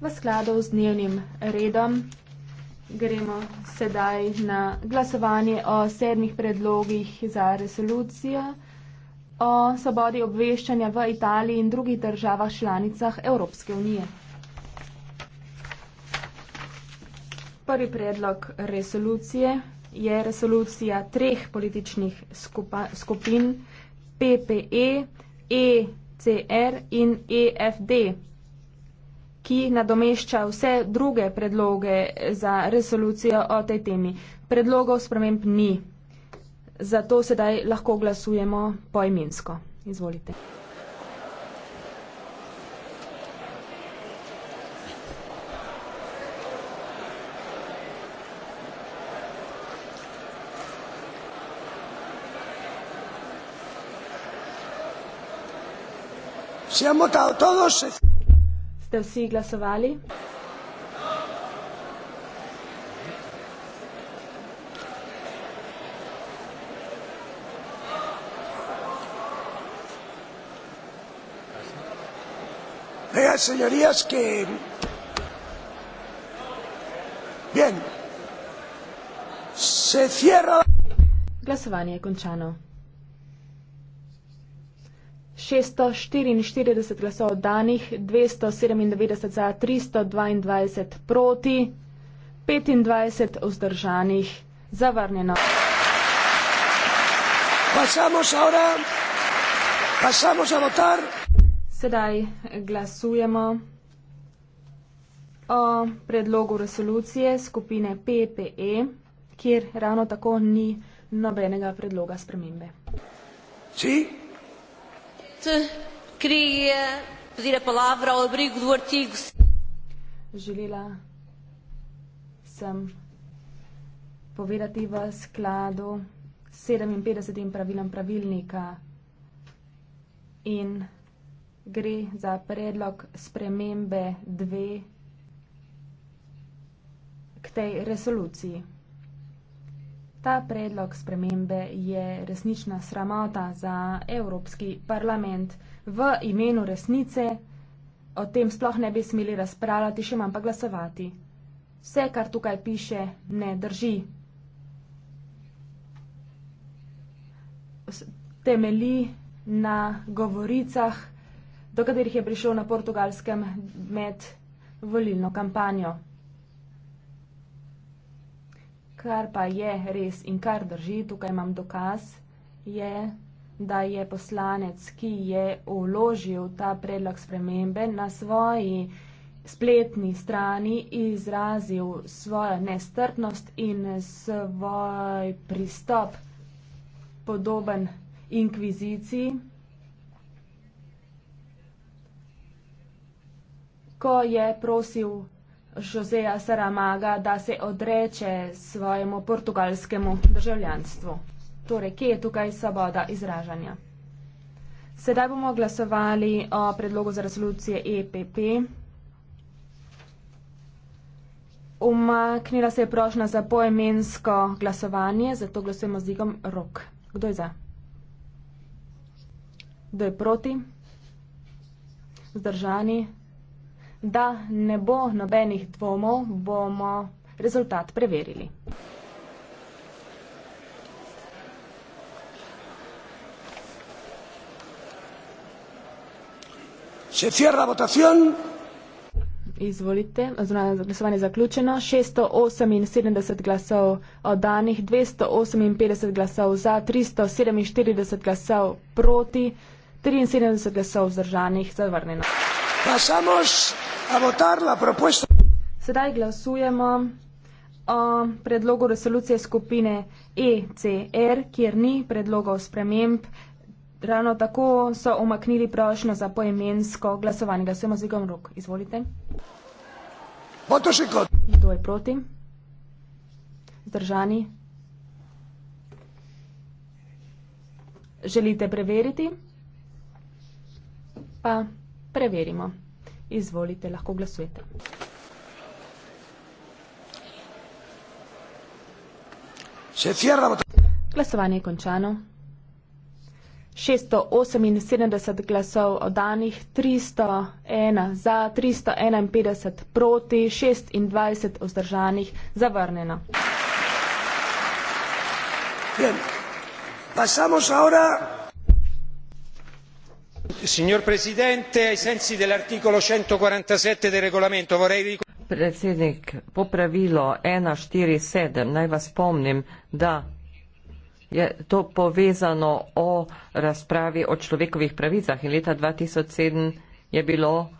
v skladu z dnevnim redom. Gremo sedaj na glasovanje o sedmih predlogih za resolucijo o svobodi obveščanja v Italiji in drugih državah članicah Evropske unije. Prvi predlog resolucije je resolucija treh političnih skupa, skupin PPE, ECR in EFD ki nadomešča vse druge predloge za resolucijo o tej temi. Predlogov sprememb ni. Zato sedaj lahko glasujemo poimensko. Izvolite. Siamo tao todos ste vsi glasovali? Vean, señorías, que... Bien. Se cierra... Glasovanje je končano. 644 glasov danih, 297 za, 322 proti, 25 vzdržanih, zavrnjeno. Pasamos ahora, pasamos a votar. Sedaj glasujemo o predlogu resolucije skupine PPE, kjer ravno tako ni nobenega predloga spremembe. Si? Sí presidente, queria pedir a palavra ao abrigo do artigo. Želela sem povedati v skladu 57. pravilom pravilnika in gre za predlog spremembe dve k tej resoluciji. Ta predlog spremembe je resnična sramota za Evropski parlament. V imenu resnice o tem sploh ne bi smeli razpravljati, še manj pa glasovati. Vse, kar tukaj piše, ne drži. Temeli na govoricah, do katerih je prišel na portugalskem med volilno kampanjo. Kar pa je res in kar drži, tukaj imam dokaz, je, da je poslanec, ki je uložil ta predlog spremembe na svoji spletni strani izrazil svojo nestrpnost in svoj pristop podoben inkviziciji. Ko je prosil Joseja Saramaga, da se odreče svojemu portugalskemu državljanstvu. Torej, kje je tukaj svoboda izražanja? Sedaj bomo glasovali o predlogu za resolucije EPP. Umaknila se je prošnja za poemensko glasovanje, zato glasujemo z igom rok. Kdo je za? Kdo je proti? Zdržani? Zdržani? da ne bo nobenih dvomov, bomo rezultat preverili. Se cierra votación. Izvolite, zunanje glasovanje je zaključeno. 678 glasov oddanih, 258 glasov za, 347 glasov proti, 73 glasov vzdržanih, zavrnjeno. Pasamos. Sedaj glasujemo o predlogu resolucije skupine ECR, kjer ni predlogov sprememb. Ravno tako so omaknili prošnjo za poemensko glasovanje. Glasujemo z igom rok. Izvolite. Kdo je proti? Zdržani? Želite preveriti? Pa preverimo. Izvolite, lahko glasujete. Glasovanje je končano. 678 glasov oddanih, 301 za, 351 proti, 26 vzdržanih, zavrnjeno. Pasamos ahora signor presidente ai sensi dell'articolo centoquarantasette del regolamento vorrei predsednik po pravilo ena štiri sedem naj vas spomnim da je to povezano o razpravi o človekovih pravicah in leta dva tisoč sedem je bilo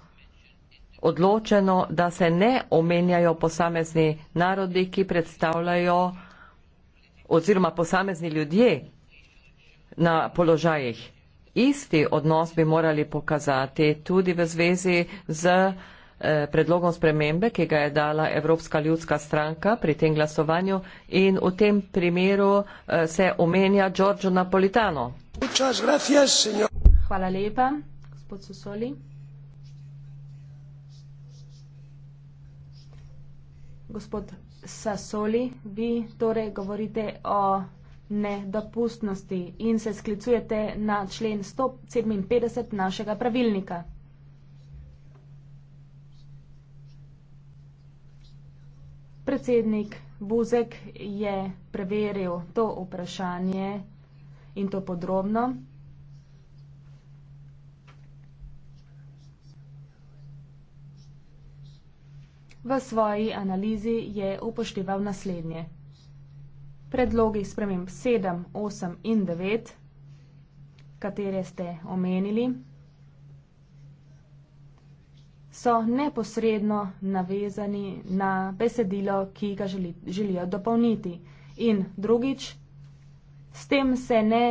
odločeno da se ne omenjajo posamezni narodi ki predstavljajo oziroma posamezni ljudje na položajih isti odnos bi morali pokazati tudi v zvezi z eh, predlogom spremembe, ki ga je dala Evropska ljudska stranka pri tem glasovanju in v tem primeru eh, se omenja Giorgio Napolitano. Hvala lepa, gospod Sosoli. Gospod Sasoli, vi torej govorite o nedopustnosti in se sklicujete na člen 157 našega pravilnika. Predsednik Buzek je preveril to vprašanje in to podrobno. V svoji analizi je upošteval naslednje predlogih sprememb 7, 8 in 9, katere ste omenili, so neposredno navezani na besedilo, ki ga želi, želijo dopolniti. In drugič, s tem se ne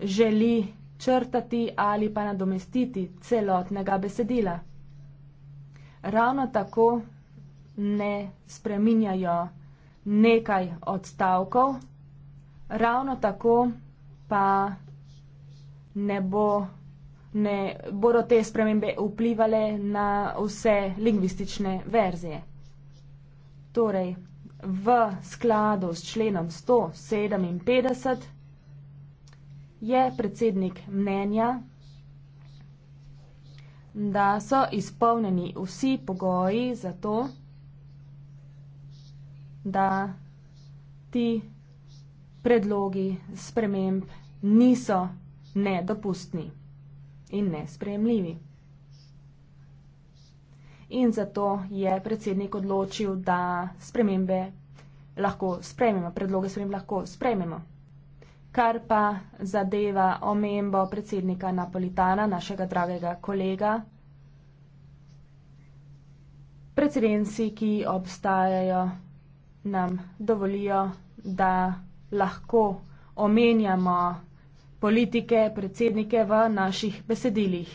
želi črtati ali pa nadomestiti celotnega besedila. Ravno tako ne spreminjajo besedila nekaj odstavkov, ravno tako pa ne bo, ne bodo te spremembe vplivale na vse lingvistične verzije. Torej, v skladu s členom 157 je predsednik mnenja, da so izpolneni vsi pogoji za to, da ti predlogi sprememb niso nedopustni in nesprejemljivi. In zato je predsednik odločil, da spremembe lahko sprejmemo, predloge sprememb lahko sprejmemo. Kar pa zadeva omembo predsednika Napolitana, našega dragega kolega, precedensi, ki obstajajo nam dovolijo, da lahko omenjamo politike, predsednike v naših besedilih.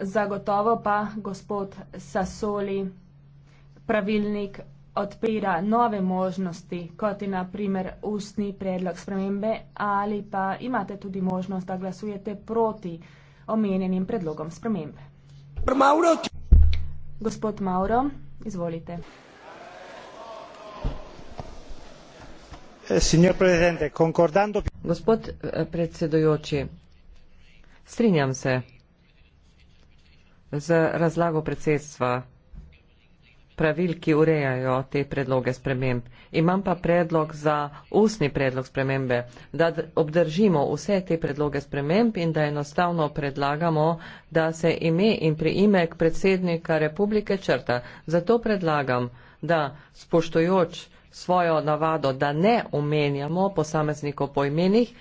Zagotovo pa gospod Sasoli pravilnik odpira nove možnosti, kot je naprimer ustni predlog spremembe ali pa imate tudi možnost, da glasujete proti omenjenim predlogom spremembe. Prmavno. Gospod Mauro, izvolite. Eh, Gospod eh, predsedujoči, strinjam se z razlago predsedstva pravil, ki urejajo te predloge sprememb. Imam pa predlog za usni predlog spremembe, da obdržimo vse te predloge sprememb in da enostavno predlagamo, da se ime in priimek predsednika republike črta. Zato predlagam, da spoštojoč svojo navado, da ne omenjamo posameznikov po imenih,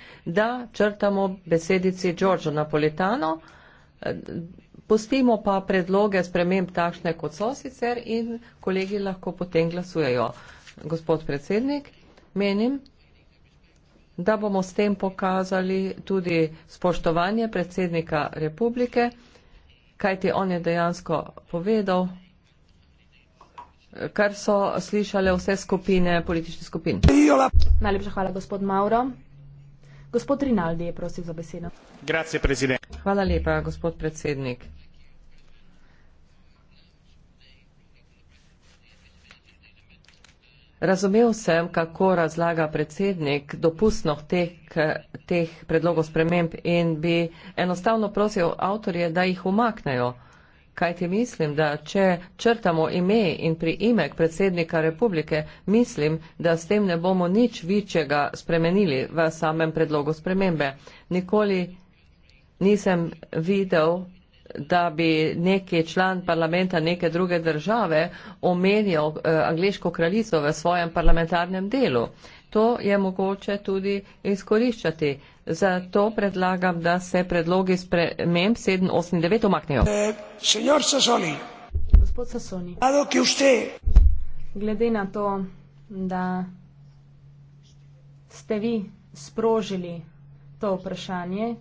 da črtamo besedici Giorgio Napolitano pustimo pa predloge sprememb takšne, kot so sicer in kolegi lahko potem glasujejo. Gospod predsednik, menim, da bomo s tem pokazali tudi spoštovanje predsednika republike, kajti on je dejansko povedal, kar so slišale vse skupine, politične skupine. Najlepša hvala, gospod Mauro. Gospod Rinaldi je prosil za besedo. Grazie, hvala lepa, gospod predsednik. Razumel sem, kako razlaga predsednik dopustno teh, teh predlogov sprememb in bi enostavno prosil avtorje, da jih umaknejo. Kaj ti mislim, da če črtamo ime in priimek predsednika republike, mislim, da s tem ne bomo nič večjega spremenili v samem predlogu spremembe. Nikoli nisem videl da bi neki član parlamenta neke druge države omenjal eh, angliško kraljico v svojem parlamentarnem delu. To je mogoče tudi izkoriščati. Zato predlagam, da se predlogi sprememb 789 omaknejo. Eh, Gospod Sassoni, usted... glede na to, da ste vi sprožili to vprašanje,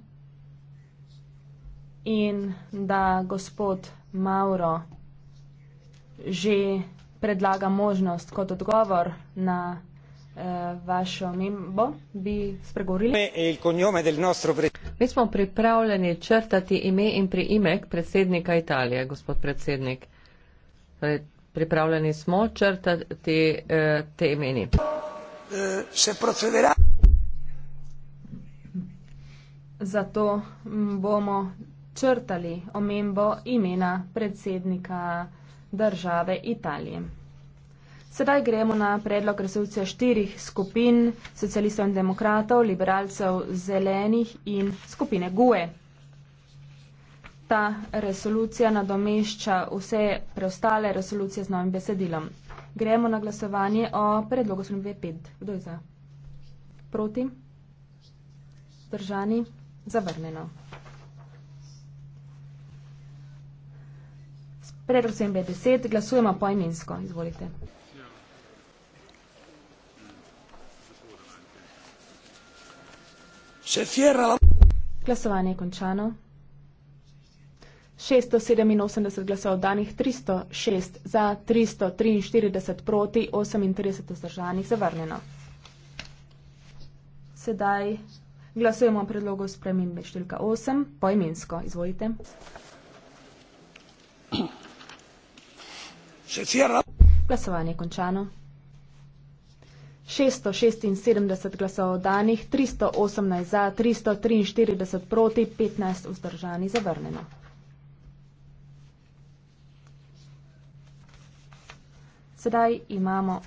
in da gospod Mauro že predlaga možnost kot odgovor na eh, vašo membo, bi spregovorili. Mi smo pripravljeni črtati ime in priimek predsednika Italije, gospod predsednik. Torej, pripravljeni smo črtati eh, te imeni. Eh, Zato bomo črtali omembo imena predsednika države Italije. Sedaj gremo na predlog resolucije štirih skupin socialistov in demokratov, liberalcev, zelenih in skupine GUE. Ta resolucija nadomešča vse preostale resolucije z novim besedilom. Gremo na glasovanje o predlogu službe 5. Kdo je za? Proti? Držani? Zavrneno. Predlog sem B10, glasujemo po imensko. Izvolite. Glasovanje je končano. 687 glasov danih, 306 za, 343 proti, 38 vzdržanih, zavrnjeno. Sedaj glasujemo o predlogu spremembe številka 8, poimensko. Izvolite. se cierra. Glasovanje je končano. 676 glasov danih, 318 za, 343 proti, 15 vzdržani zavrnjeno. Sedaj imamo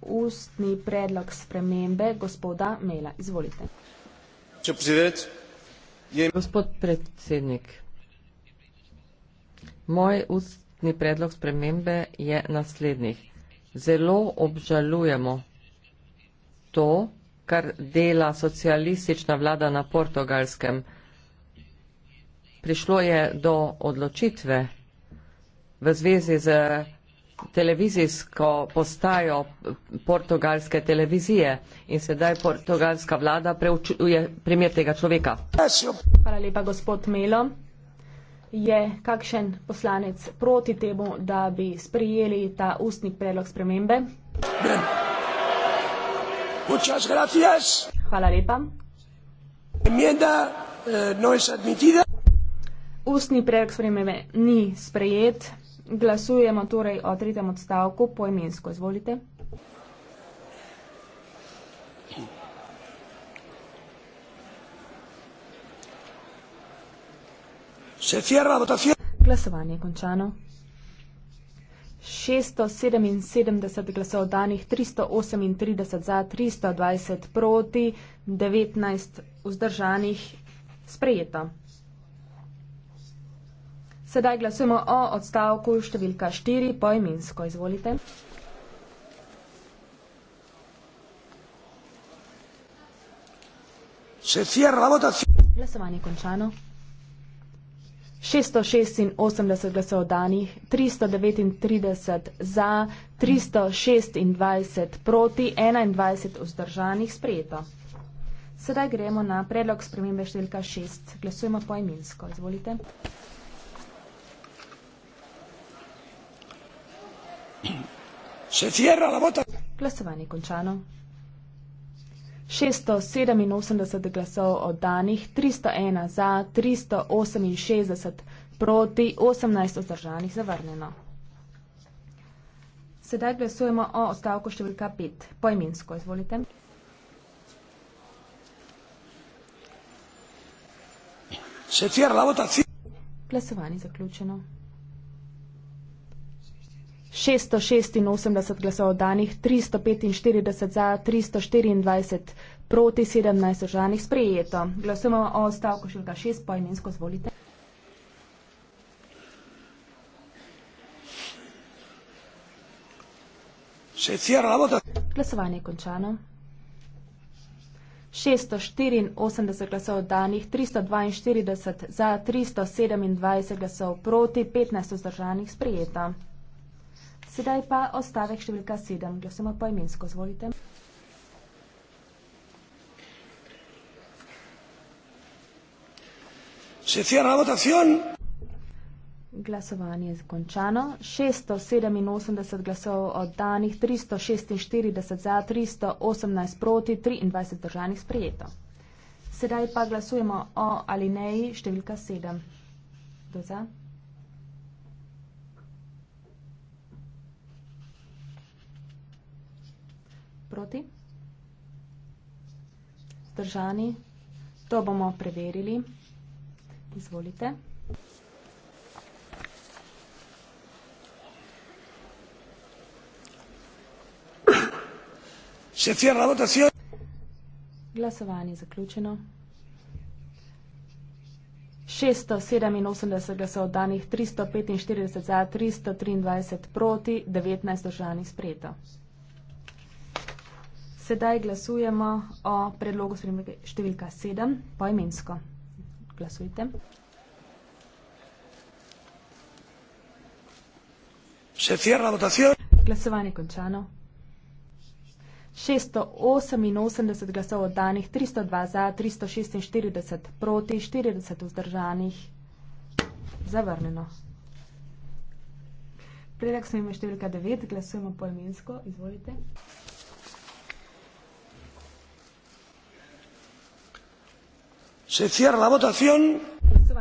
ustni predlog spremembe gospoda Mela. Izvolite. Gospod predsednik, moj ustni predlog. Skupni predlog spremembe je naslednjih. Zelo obžalujemo to, kar dela socialistična vlada na portugalskem. Prišlo je do odločitve v zvezi z televizijsko postajo portugalske televizije in sedaj portugalska vlada preučuje primer tega človeka. Hvala lepa, gospod Melo je kakšen poslanec proti temu, da bi sprijeli ta ustni predlog spremembe? Hvala lepa. Eh, no ustni predlog spremembe ni sprejet. Glasujemo torej o tretjem odstavku poimensko. Izvolite. Se cierra votación. Glasovanje je končano. 677 glasov danih, 338 za, 320 proti, 19 vzdržanih sprejeto. Sedaj glasujemo o odstavku številka 4 poimensko. Izvolite. Se cierra votación. Glasovanje je končano. 686 glasov danih, 339 za, 326 proti, 21 vzdržanih sprejeto. Sedaj gremo na predlog spremembe številka 6. Glasujemo poimensko. Izvolite. Se cierra la bota. Glasovanje končano. 687 glasov oddanih, 301 za, 368 proti, 18 vzdržanih zavrnjeno. Sedaj glasujemo o ostavku številka 5. Poimensko, izvolite. Se cierra la votación. Glasovanje zaključeno. 686 glasov danih, 345 za, 324 proti, 17 državnih sprejeto. Glasujemo o stavku šilka 6, pojmensko zvolite. Glasovanje je končano. 684 glasov danih, 342 za, 327 glasov proti, 15 vzdržanih sprejeta. Sedaj pa ostavek številka 7. Glasujemo poimensko, zvolite. Se cierra votación. Glasovanje je zakončano. 687 glasov oddanih, 346 za, 318 proti, 23 držanih sprijeto. Sedaj pa glasujemo o alineji številka 7. Do za. proti. Zdržani. To bomo preverili. Izvolite. Se cierra votación. Glasovanje zaključeno. 687 glasov danih, 345 za, 323 proti, 19 držanih sprejeto. Sedaj glasujemo o predlogu številka 7 po imensko. Glasujte. Se cierra votación. Glasovanje končano. 688 glasov oddanih, 302 za, 346 proti, 40 vzdržanih. Zavrnjeno. Predlog smo imeli številka 9, glasujemo po imensko. Izvolite. Glasovanje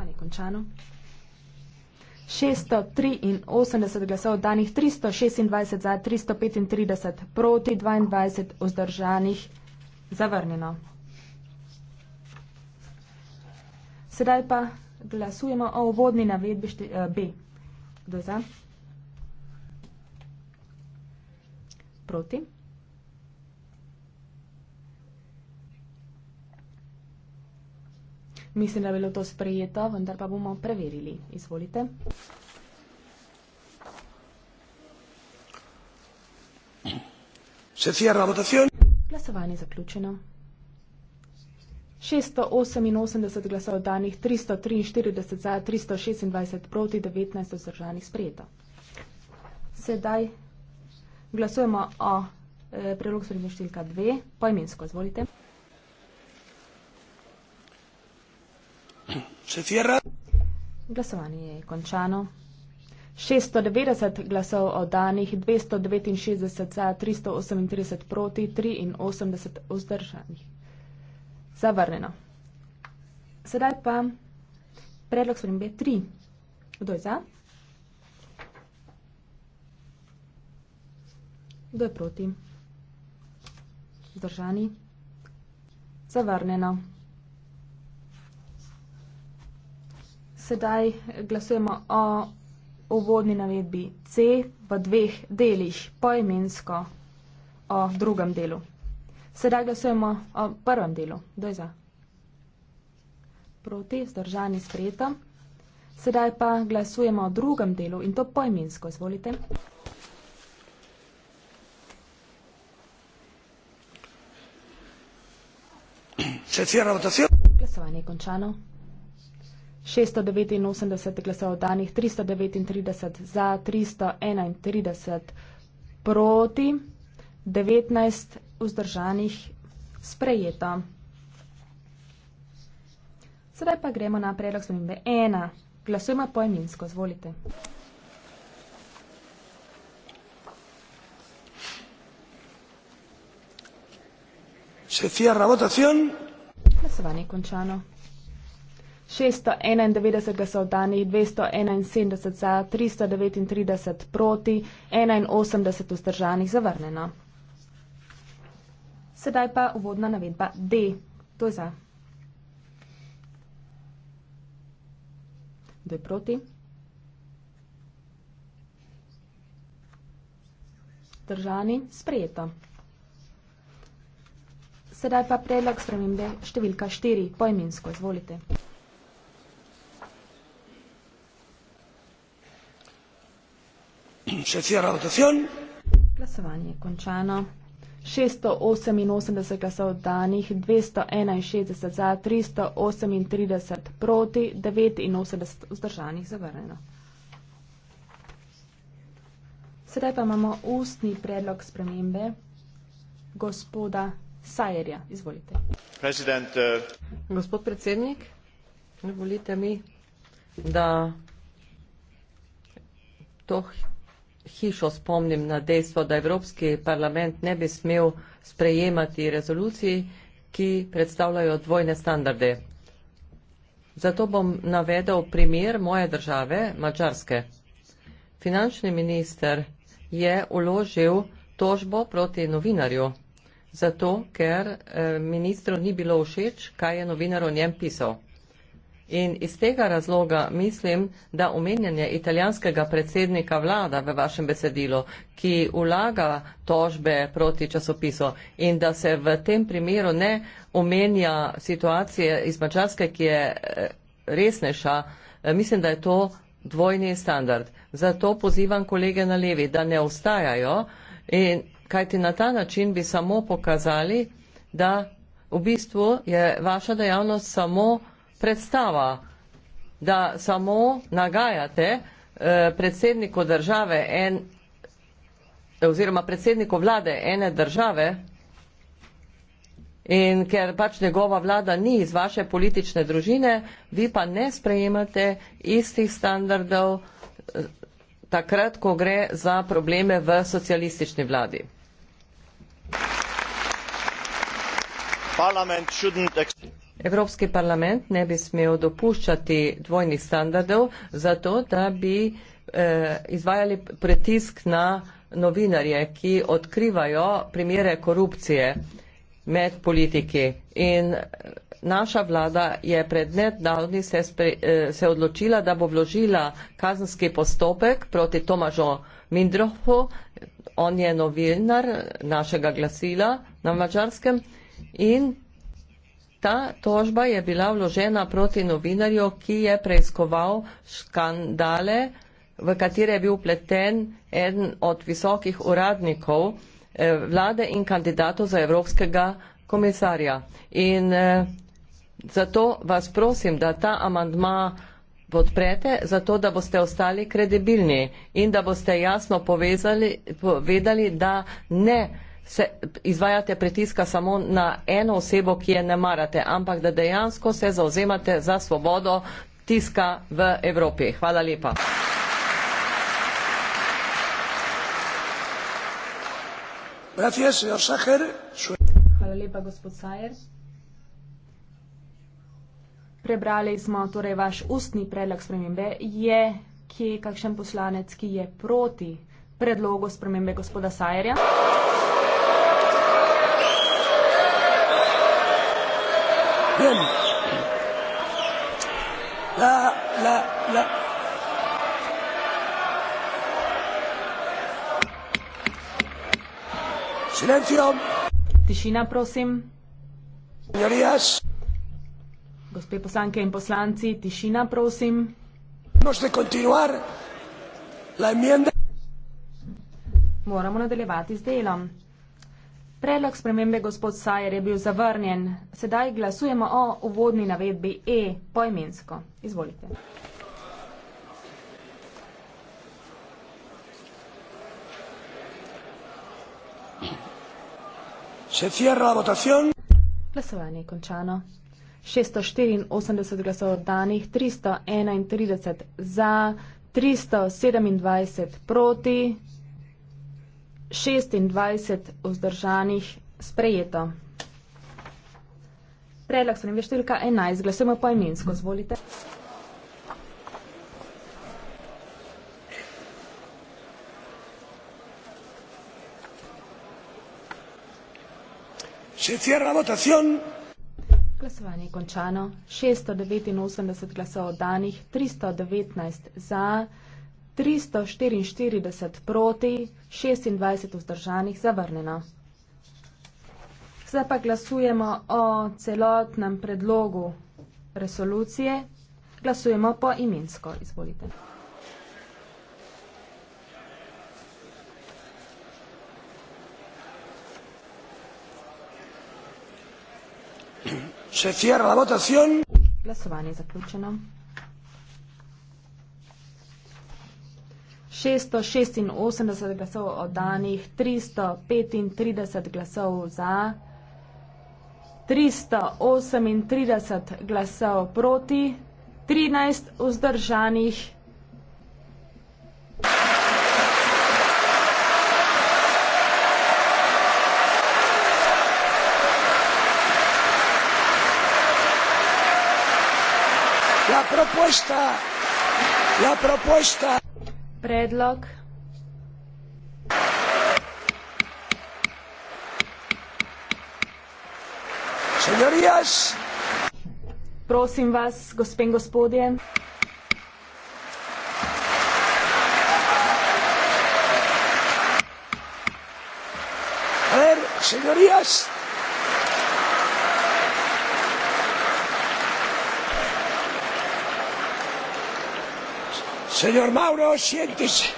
je končano. 683 glasov danih, 326 za, 335 proti, 22 vzdržanih, zavrnjeno. Sedaj pa glasujemo o uvodni navedbi šte, uh, B. Kdo je za? Proti. Mislim, da je bilo to sprejeto, vendar pa bomo preverili. Izvolite. Glasovanje je zaključeno. 688 glasov danih, 343 za, 326 proti, 19 vzdržanih sprejeto. Sedaj glasujemo o eh, prelog sredine številka 2, poimensko, izvolite. Se cierra. Glasovanje je končano. 690 glasov oddanih, 269 za, 338 proti, 83 vzdržanih. Zavrneno. Sedaj pa predlog spremembe 3. Kdo je za? Kdo je proti? Zdržani? Zavrneno. sedaj glasujemo o uvodni navedbi C v dveh delih, poimensko o drugem delu. Sedaj glasujemo o prvem delu. Kdo je za? Proti, zdržani, sprejeto. Sedaj pa glasujemo o drugem delu in to poimensko. Izvolite. Se cierra votación. Glasovanje je končano. 689 glasov danih, 339 za, 331 proti, 19 vzdržanih sprejeto. Sedaj pa gremo na predlog spremembe 1. Glasujemo poeminsko, zvolite. Se cierra votación. Glasovanje je končano. 691 so oddanih, 271 za, 339 proti, 81 vzdržanih zavrnjeno. Sedaj pa uvodna navedba D. To je za. Kdo je proti? Držani, sprejeto. Sedaj pa predlog spremembe številka 4, poimensko, izvolite. Se cierra votación. Glasovanje je končano. 688 glasov danih, 261 za, 338 proti, 89 vzdržanih zavrnjeno. Sedaj pa imamo ustni predlog spremembe gospoda Sajerja. Izvolite. Uh... Gospod predsednik, dovolite mi, da to hišo spomnim na dejstvo, da Evropski parlament ne bi smel sprejemati rezolucij, ki predstavljajo dvojne standarde. Zato bom navedel primer moje države, Mačarske. Finančni minister je uložil tožbo proti novinarju, zato ker eh, ministru ni bilo všeč, kaj je novinar o njem pisal. In iz tega razloga mislim, da omenjanje italijanskega predsednika vlada v vašem besedilu, ki vlaga tožbe proti časopisu in da se v tem primeru ne omenja situacije iz Mačarske, ki je eh, resneša, eh, mislim, da je to dvojni standard. Zato pozivam kolege na levi, da ne ostajajo in kajti na ta način bi samo pokazali, da v bistvu je vaša dejavnost samo predstava, da samo nagajate eh, predsedniku države en, oziroma predsedniku vlade ene države in ker pač njegova vlada ni iz vaše politične družine, vi pa ne sprejemate istih standardov eh, takrat, ko gre za probleme v socialistični vladi. Parlament shouldn't accept. Evropski parlament ne bi smel dopuščati dvojnih standardov zato, da bi eh, izvajali pritisk na novinarje, ki odkrivajo primere korupcije med politiki. In eh, naša vlada je pred nedavni se, spri, eh, se odločila, da bo vložila kazenski postopek proti Tomažu Mindrohu, on je novinar našega glasila na mačarskem in Ta tožba je bila vložena proti novinarju, ki je preiskoval škandale, v katere je bil pleten eden od visokih uradnikov eh, vlade in kandidatov za evropskega komisarja. In eh, zato vas prosim, da ta amandma podprete, zato da boste ostali kredibilni in da boste jasno povedali, da ne se izvajate pritiska samo na eno osebo, ki je ne marate, ampak da dejansko se zauzemate za svobodo tiska v Evropi. Hvala lepa. Hvala lepa, gospod Sajer. Prebrali smo torej vaš ustni predlog spremembe. Je kje kakšen poslanec, ki je proti predlogu spremembe gospoda Sajerja? بهم لا لا لا Silencio. Tišina, prosim. Señorías. Gospe poslanke in poslanci, tišina, prosim. La Moramo nadaljevati z delom. Predlog spremembe gospod Sajer je bil zavrnjen. Sedaj glasujemo o uvodni navedbi E poimensko. Izvolite. Glasovanje je končano. 684 glasov danih, 331 za, 327 proti. 26 vzdržanih sprejeto. Predlog se nevje številka 11. Glasujemo po imensko. Zvolite. Se cierra votación. Glasovanje je končano. 689 glasov danih, 319 za. 344 proti, 26 vzdržanih zavrnjeno. Zdaj pa glasujemo o celotnem predlogu resolucije. Glasujemo po imensko. Izvolite. Se cierra la votación. Glasovanje je zaključeno. 686 glasov oddanih, 335 glasov za, 338 glasov proti, 13 vzdržanih. La proposta, la proposta predlog. Señorías. Prosim vas, gospe in gospodje. A ver, señorías. Señor Mauro, siéntese.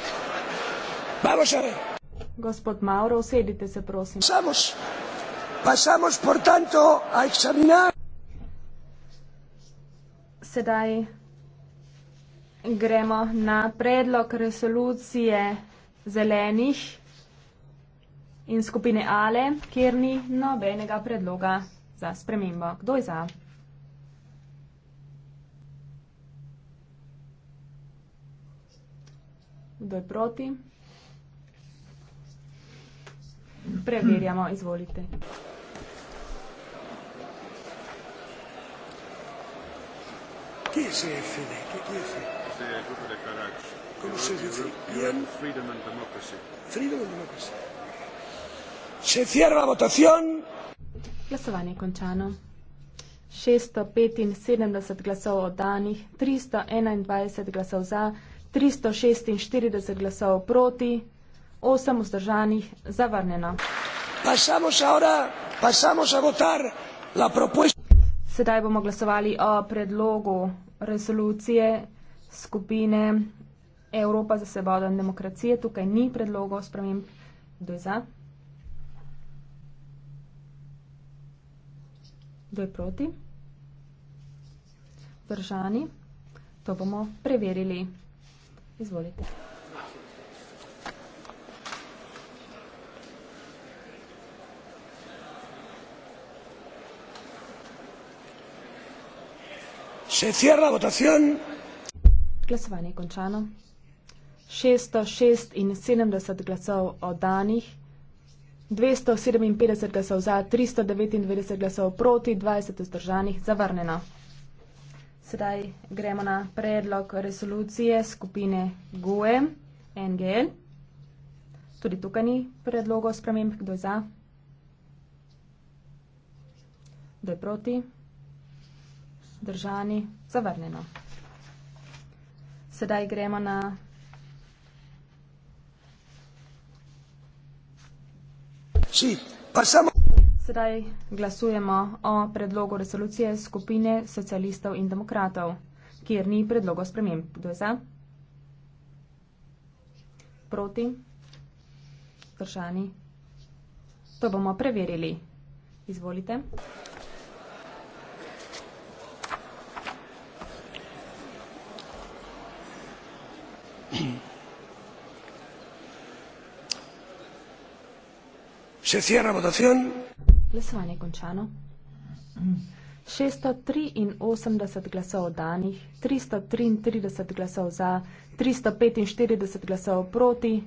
Vamos a ver. Gospod Mauro, sedite se, prosim. Pasamos, pasamos por tanto a examinar. Sedaj gremo na predlog resolucije zelenih in skupine Ale, kjer ni nobenega predloga za spremembo. Kdo je za? Kdo je proti? Preverjamo, izvolite. Kje se je Fede? Kje je Fede? Kako se je Fede? Freedom and democracy. Freedom and democracy. Se cierra votación. Glasovanje je končano. 675 glasov oddanih, 321 glasov za, 346 glasov proti, 8 vzdržanih zavrnjeno. Sedaj bomo glasovali o predlogu resolucije skupine Evropa za svobodo in demokracije. Tukaj ni predlogov sprememb. Kdo je za? Kdo je proti? Vzdržani? To bomo preverili. Izvolite. Se cierra votación. Glasovanje je končano. 676 glasov oddanih, 257 glasov za, 399 glasov proti, 20 vzdržanih, zavrnjeno. Sedaj gremo na predlog resolucije skupine GUE, NGL. Tudi tukaj ni predlogov sprememb, kdo je za, kdo je proti, držani, zavrnjeno. Sedaj gremo na Sí, pasamos. Sedaj glasujemo o predlogu resolucije skupine socialistov in demokratov, kjer ni predlogo sprememb. Kdo je za? Proti? Vzdržani? To bomo preverili. Izvolite. Se cierra votación. Glasovanje je končano. 683 glasov danih, 333 glasov za, 345 glasov proti,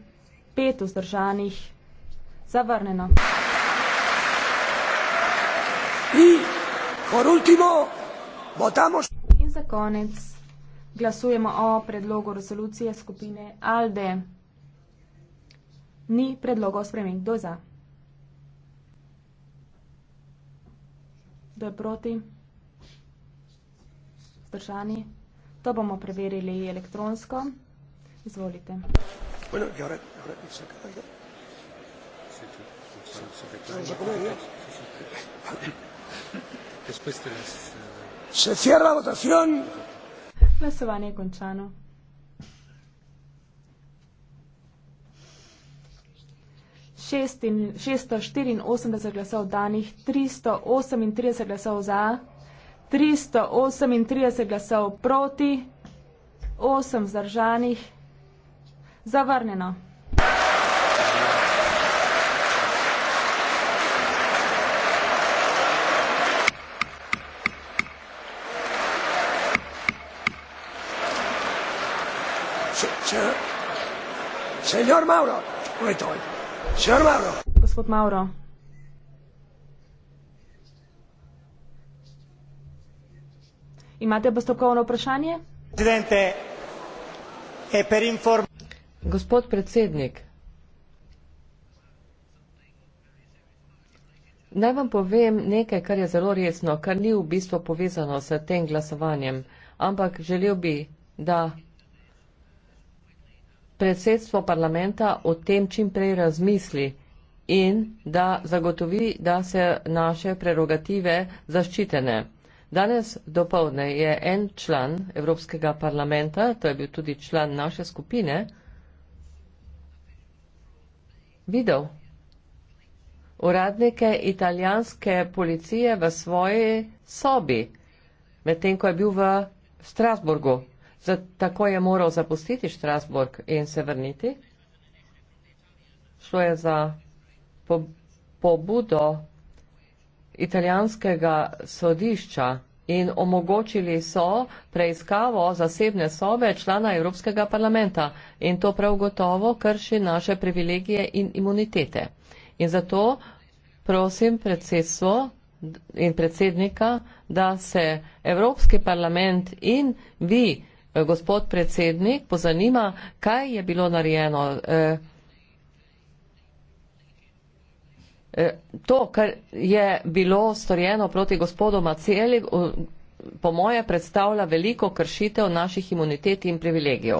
5 vzdržanih, zavrnjeno. In za konec glasujemo o predlogu rezolucije skupine ALDE. Ni predlogov spremenj. Kdo za? Kdo je proti? Zdržani? To bomo preverili elektronsko. Izvolite. Se cierra votación. Glasovanje je končano. 684 glasov danih, 338 glasov za, 338 glasov proti, 8 zdržanih, zavrnjeno. Señor Mauro, muy tonto. Senhor Mauro. Gospod Mauro. Imate postopkovno vprašanje? Presidente, e per inform... Gospod predsednik, naj vam povem nekaj, kar je zelo resno, kar ni v bistvu povezano s tem glasovanjem, ampak želel bi, da predsedstvo parlamenta o tem čimprej razmisli in da zagotovi, da se naše prerogative zaščitene. Danes dopolne je en član Evropskega parlamenta, to je bil tudi član naše skupine, videl uradnike italijanske policije v svoji sobi, medtem ko je bil v Strasburgu. Tako je moral zapustiti Strasburg in se vrniti. Šlo je za pobudo italijanskega sodišča in omogočili so preiskavo zasebne sobe člana Evropskega parlamenta. In to prav gotovo krši naše privilegije in imunitete. In zato prosim predsedstvo in predsednika, da se Evropski parlament in vi, Gospod predsednik, pozanima, kaj je bilo narejeno? Eh, eh, to, kar je bilo storjeno proti gospodu Maceli, po moje predstavlja veliko kršitev naših imunitet in privilegijev.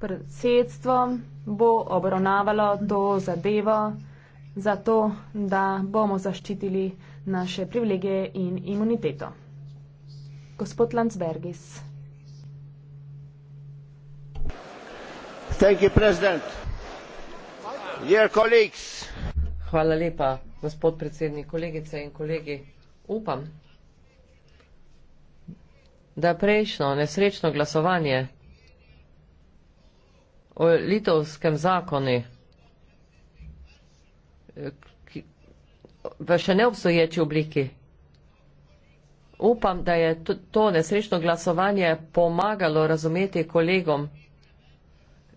Predsedstvo bo obravnavalo to zadevo zato, da bomo zaščitili naše privilegije in imuniteto. Gospod Landsbergis. Hvala lepa, gospod predsednik, kolegice in kolegi. Upam, da prejšnjo nesrečno glasovanje o litovskem zakoni, eh, ki, v še neobstoječi obliki, upam, da je to, to nesrečno glasovanje pomagalo razumeti kolegom,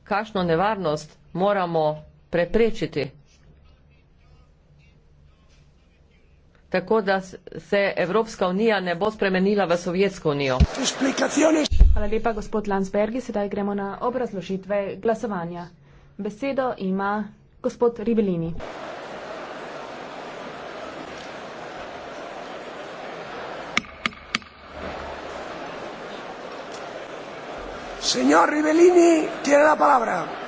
kakšno nevarnost moramo preprečiti. Tako da se Evropska unija ne bo spremenila v Sovjetsko unijo. Hvala lepa, gospod Landsbergi. Sedaj gremo na obrazložitve glasovanja. Besedo ima gospod Ribelini. Señor Rivellini tiene la palabra.